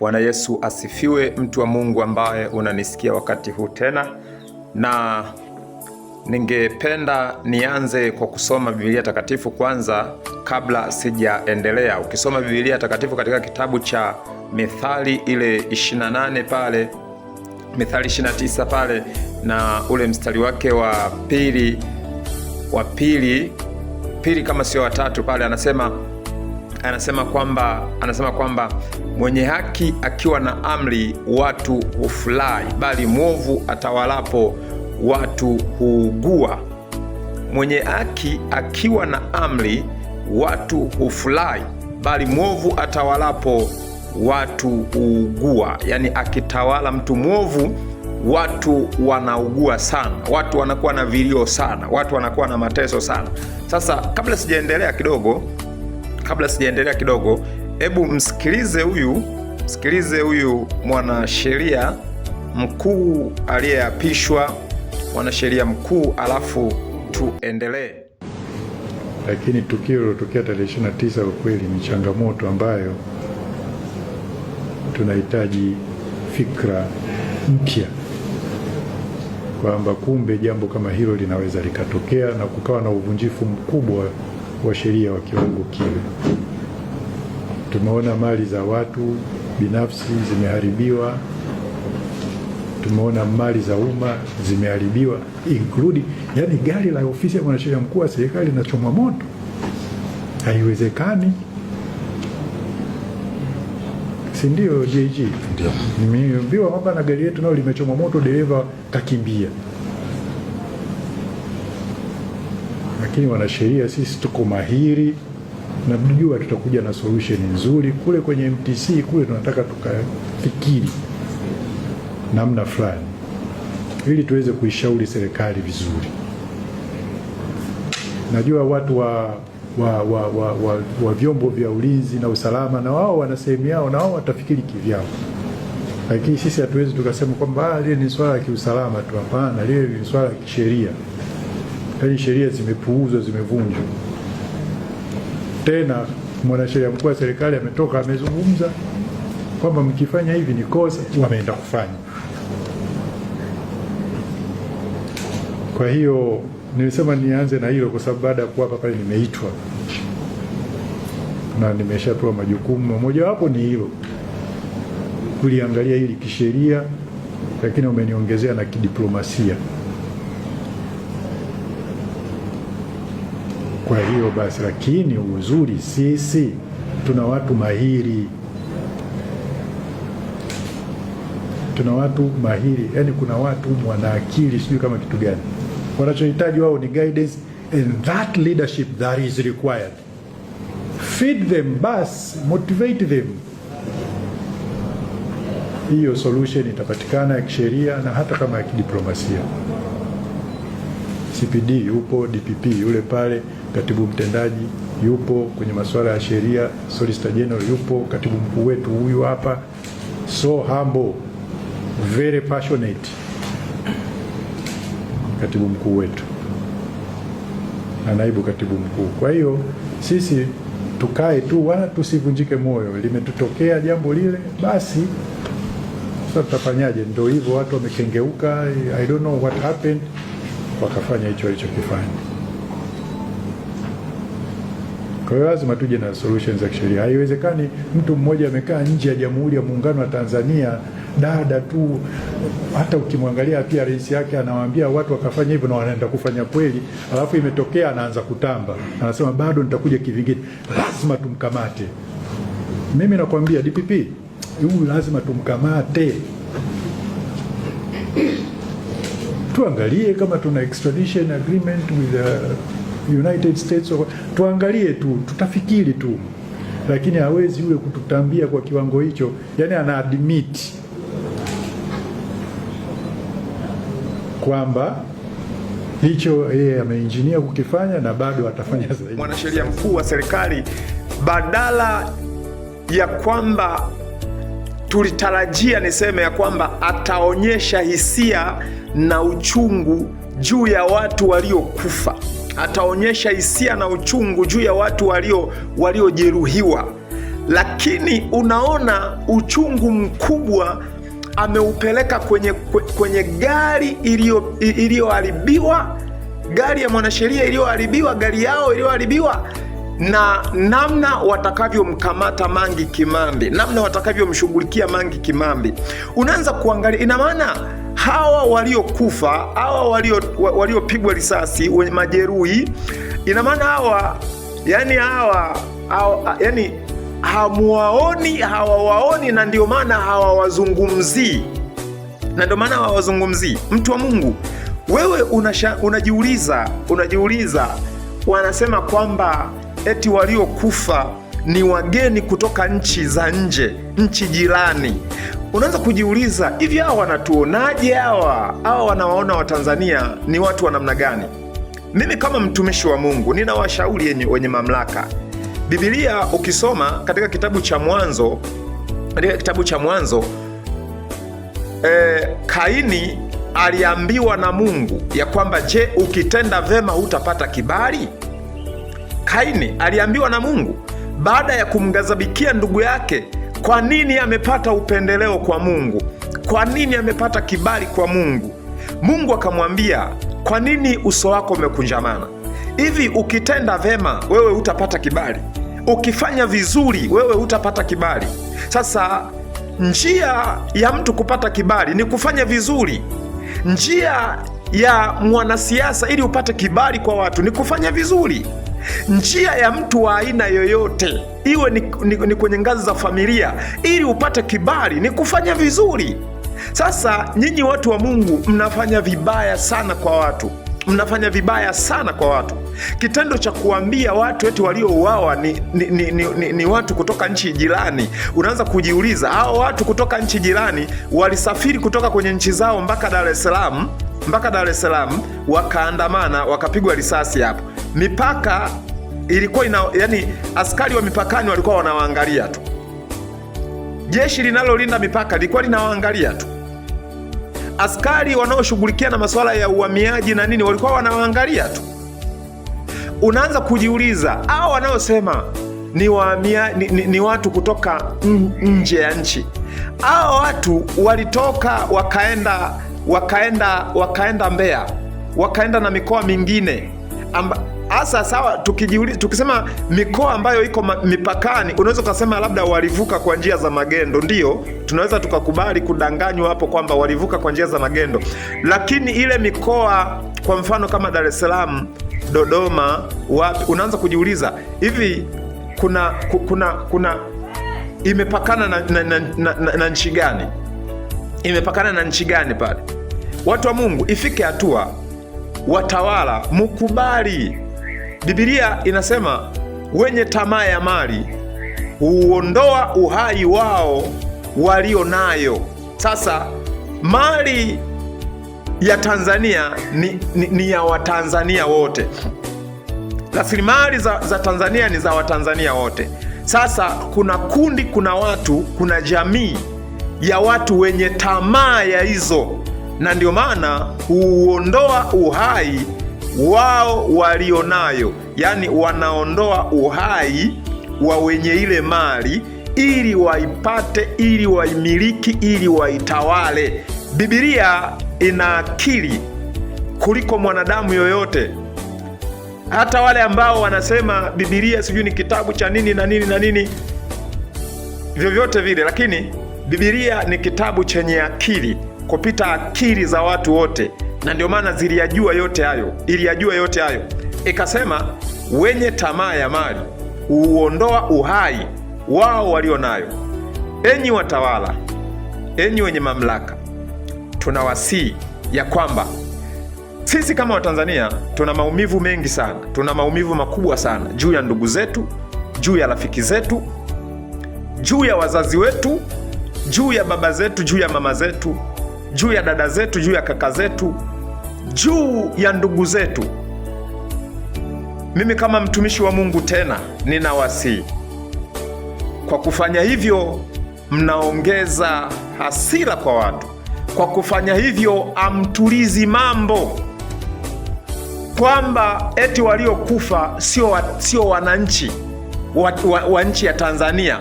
Bwana Yesu asifiwe, mtu wa Mungu ambaye unanisikia wakati huu tena, na ningependa nianze kwa kusoma Biblia Takatifu kwanza kabla sijaendelea. Ukisoma Biblia Takatifu katika kitabu cha Mithali ile 28 pale, Mithali 29 pale na ule mstari wake wa pili wa pili pili, kama sio watatu pale, anasema anasema kwamba anasema kwamba mwenye haki akiwa na amri watu hufurahi, bali mwovu atawalapo watu huugua. Mwenye haki akiwa na amri watu hufurahi, bali mwovu atawalapo watu huugua. Yaani akitawala mtu mwovu watu wanaugua sana, watu wanakuwa na vilio sana, watu wanakuwa na mateso sana. Sasa kabla sijaendelea kidogo kabla sijaendelea kidogo, hebu msikilize huyu, msikilize huyu mwanasheria mkuu aliyeapishwa, mwanasheria mkuu, alafu tuendelee. Lakini tukio lilotokea tarehe 29 kwa kweli ni changamoto ambayo tunahitaji fikra mpya kwamba kumbe jambo kama hilo linaweza likatokea na kukawa na uvunjifu mkubwa wa sheria wa kiwango kile. Tumeona mali za watu binafsi zimeharibiwa, tumeona mali za umma zimeharibiwa include yani gari la ofisi ya mwanasheria mkuu wa serikali linachomwa moto. Haiwezekani, si ndio? JG, nimeambiwa kwamba na gari yetu nao limechomwa moto, dereva kakimbia. lakini wanasheria sisi tuko mahiri na tunajua tutakuja na solution nzuri. Kule kwenye MTC kule tunataka tukafikiri namna fulani ili tuweze kuishauri serikali vizuri. Najua watu wa wa, wa, wa, wa, wa vyombo vya ulinzi na usalama na wao wana sehemu yao na wao watafikiri kivyao, lakini sisi hatuwezi tukasema kwamba ah, lile ni swala la kiusalama tu. Hapana, lile ni swala la kisheria yaani sheria zimepuuzwa, zimevunjwa. Tena mwanasheria mkuu wa serikali ametoka amezungumza kwamba mkifanya hivi ni kosa, wameenda kufanya. Kwa hiyo nimesema nianze na hilo kwa sababu baada ya kuwapa pale nimeitwa na nimeshapewa majukumu, mojawapo ni hilo kuliangalia hili kisheria, lakini umeniongezea na kidiplomasia. Kwa hiyo basi, lakini uzuri sisi tuna watu mahiri, tuna watu mahiri, yaani kuna watu wana akili, sijui kama kitu gani. Wanachohitaji wao ni guidance and that leadership that is required. Feed them, bas, motivate them hiyo solution itapatikana ya kisheria na hata kama ya kidiplomasia. CPD yupo, DPP yule pale katibu mtendaji yupo kwenye masuala ya sheria, solicitor general yupo, katibu mkuu wetu huyu hapa. So humble, very passionate katibu mkuu wetu na naibu katibu mkuu. Kwa hiyo sisi tukae tu wala tusivunjike moyo, limetutokea jambo lile basi. Sasa tutafanyaje? Ndio hivyo, watu wamekengeuka, I don't know what happened, wakafanya hicho walichokifanya. Kwa hiyo lazima tuje na solutions za kisheria. Haiwezekani mtu mmoja amekaa nje ya Jamhuri ya Muungano wa Tanzania, dada tu, hata ukimwangalia pia rais yake anawaambia watu wakafanya hivyo na wanaenda kufanya kweli, alafu imetokea anaanza kutamba, anasema bado nitakuja kivingine. Lazima tumkamate. Mimi nakwambia DPP huyu lazima tumkamate, tuangalie kama tuna extradition agreement with the United States, tuangalie tu, tutafikiri tu, lakini hawezi yule kututambia kwa kiwango hicho. Yani ana admit kwamba hicho yeye ameinjinia kukifanya na bado atafanya zaidi. Mwanasheria mkuu wa serikali, badala ya kwamba tulitarajia niseme ya kwamba ataonyesha hisia na uchungu juu ya watu waliokufa ataonyesha hisia na uchungu juu ya watu waliojeruhiwa, lakini unaona uchungu mkubwa ameupeleka kwenye, kwenye gari iliyoharibiwa, gari ya mwanasheria iliyoharibiwa, gari yao iliyoharibiwa na namna watakavyomkamata Mangi Kimambi, namna watakavyomshughulikia Mangi Kimambi, unaanza kuangalia, ina maana hawa waliokufa, hawa waliopigwa risasi, wenye majeruhi, ina maana hawa yani hawa, hawa yani hamwaoni, hawawaoni, na ndio maana hawawazungumzii, na ndio maana hawawazungumzii. Mtu wa Mungu, wewe unasha, unajiuliza, unajiuliza, wanasema kwamba eti waliokufa ni wageni kutoka nchi za nje, nchi jirani. Unaweza kujiuliza hivi, hawa wanatuonaje? Hawa hawa wanawaona Watanzania ni watu wa namna gani? Mimi kama mtumishi wa Mungu ninawashauri wenye mamlaka. Biblia ukisoma katika kitabu cha Mwanzo, katika kitabu cha Mwanzo e, Kaini aliambiwa na Mungu ya kwamba je, ukitenda vema hutapata kibali? Kaini aliambiwa na Mungu baada ya kumgazabikia ndugu yake kwa nini amepata upendeleo kwa Mungu? Kwa nini amepata kibali kwa Mungu? Mungu akamwambia, kwa nini uso wako umekunjamana hivi? Ukitenda vema wewe hutapata kibali, ukifanya vizuri wewe hutapata kibali. Sasa njia ya mtu kupata kibali ni kufanya vizuri. Njia ya mwanasiasa ili upate kibali kwa watu ni kufanya vizuri njia ya mtu wa aina yoyote, iwe ni, ni, ni kwenye ngazi za familia, ili upate kibali ni kufanya vizuri. Sasa nyinyi watu wa Mungu mnafanya vibaya sana kwa watu, mnafanya vibaya sana kwa watu. Kitendo cha kuambia watu eti waliouawa ni, ni, ni, ni, ni watu kutoka nchi jirani, unaanza kujiuliza hao watu kutoka nchi jirani walisafiri kutoka kwenye nchi zao mpaka Dar es Salaam mpaka Dar es Salaam wakaandamana wakapigwa risasi hapo mipaka ilikuwa ina, yani askari wa mipakani walikuwa wanawaangalia tu. Jeshi linalolinda mipaka lilikuwa linawaangalia tu. Askari wanaoshughulikia na masuala ya uhamiaji na nini walikuwa wanawaangalia tu. Unaanza kujiuliza au wanaosema ni, ni, ni, ni watu kutoka nje ya nchi, hao watu walitoka wakaenda wakaenda wakaenda Mbeya, wakaenda na mikoa mingine amba, hasa sawa. Tukijiuliza, tukisema mikoa ambayo iko mipakani, unaweza ukasema labda walivuka kwa njia za magendo. ndio tunaweza tukakubali kudanganywa hapo kwamba walivuka kwa njia za magendo, lakini ile mikoa kwa mfano kama Dar es Salaam, Dodoma, wapi, unaanza kujiuliza hivi kuna kuna kuna imepakana na, na, na, na, na, na nchi gani? Imepakana na nchi gani pale? Watu wa Mungu, ifike hatua watawala mukubali Biblia inasema wenye tamaa ya mali huondoa uhai wao walio nayo. Sasa mali ya Tanzania ni, ni, ni ya Watanzania wote. Rasilimali za, za Tanzania ni za Watanzania wote. Sasa kuna kundi, kuna watu, kuna jamii ya watu wenye tamaa ya hizo, na ndio maana huondoa uhai wao walionayo, yaani wanaondoa uhai wa wenye ile mali ili waipate, ili waimiliki, ili waitawale. Biblia ina akili kuliko mwanadamu yoyote, hata wale ambao wanasema Biblia sijui ni kitabu cha nini na nini na nini, vyovyote vile, lakini Biblia ni kitabu chenye akili kupita akili za watu wote na ndio maana ziliyajua yote hayo, iliyajua yote hayo ikasema, wenye tamaa ya mali huuondoa uhai wao walio nayo. Enyi watawala, enyi wenye mamlaka, tunawasihi ya kwamba sisi kama Watanzania tuna maumivu mengi sana, tuna maumivu makubwa sana juu ya ndugu zetu, juu ya rafiki zetu, juu ya wazazi wetu, juu ya baba zetu, juu ya mama zetu, juu ya dada zetu, juu ya kaka zetu juu ya ndugu zetu. Mimi kama mtumishi wa Mungu tena ninawasihi, kwa kufanya hivyo mnaongeza hasira kwa watu. Kwa kufanya hivyo amtulizi mambo kwamba eti waliokufa sio sio wananchi wa, wa, wa nchi ya Tanzania.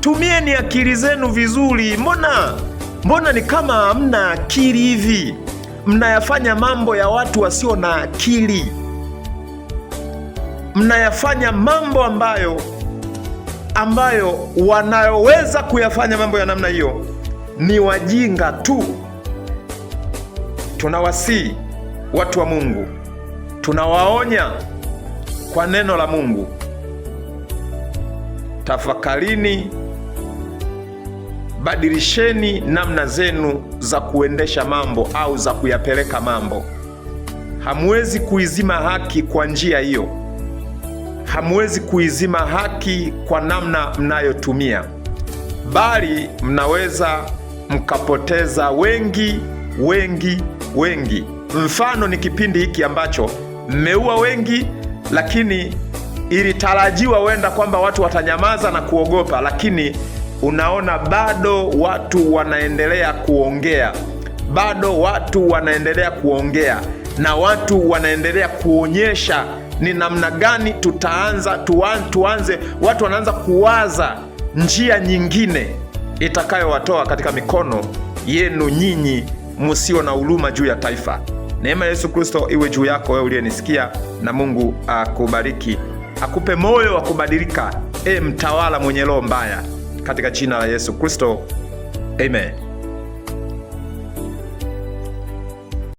Tumieni akili zenu vizuri. Mbona mbona ni kama hamna akili hivi? mnayafanya mambo ya watu wasio na akili, mnayafanya mambo ambayo ambayo wanayoweza kuyafanya mambo ya namna hiyo ni wajinga tu. tunawasii watu wa Mungu, tunawaonya kwa neno la Mungu, tafakarini Badilisheni namna zenu za kuendesha mambo au za kuyapeleka mambo. Hamwezi kuizima haki kwa njia hiyo, hamwezi kuizima haki kwa namna mnayotumia, bali mnaweza mkapoteza wengi wengi wengi. Mfano ni kipindi hiki ambacho mmeua wengi, lakini ilitarajiwa wenda kwamba watu watanyamaza na kuogopa, lakini unaona bado watu wanaendelea kuongea, bado watu wanaendelea kuongea na watu wanaendelea kuonyesha ni namna gani tutaanza tuan, tuanze watu wanaanza kuwaza njia nyingine itakayowatoa katika mikono yenu nyinyi musio na huruma juu ya taifa. Neema Yesu Kristo iwe juu yako wewe uliyenisikia, na Mungu akubariki, akupe moyo wa kubadilika, e mtawala mwenye roho mbaya katika jina la Yesu Kristo, amen.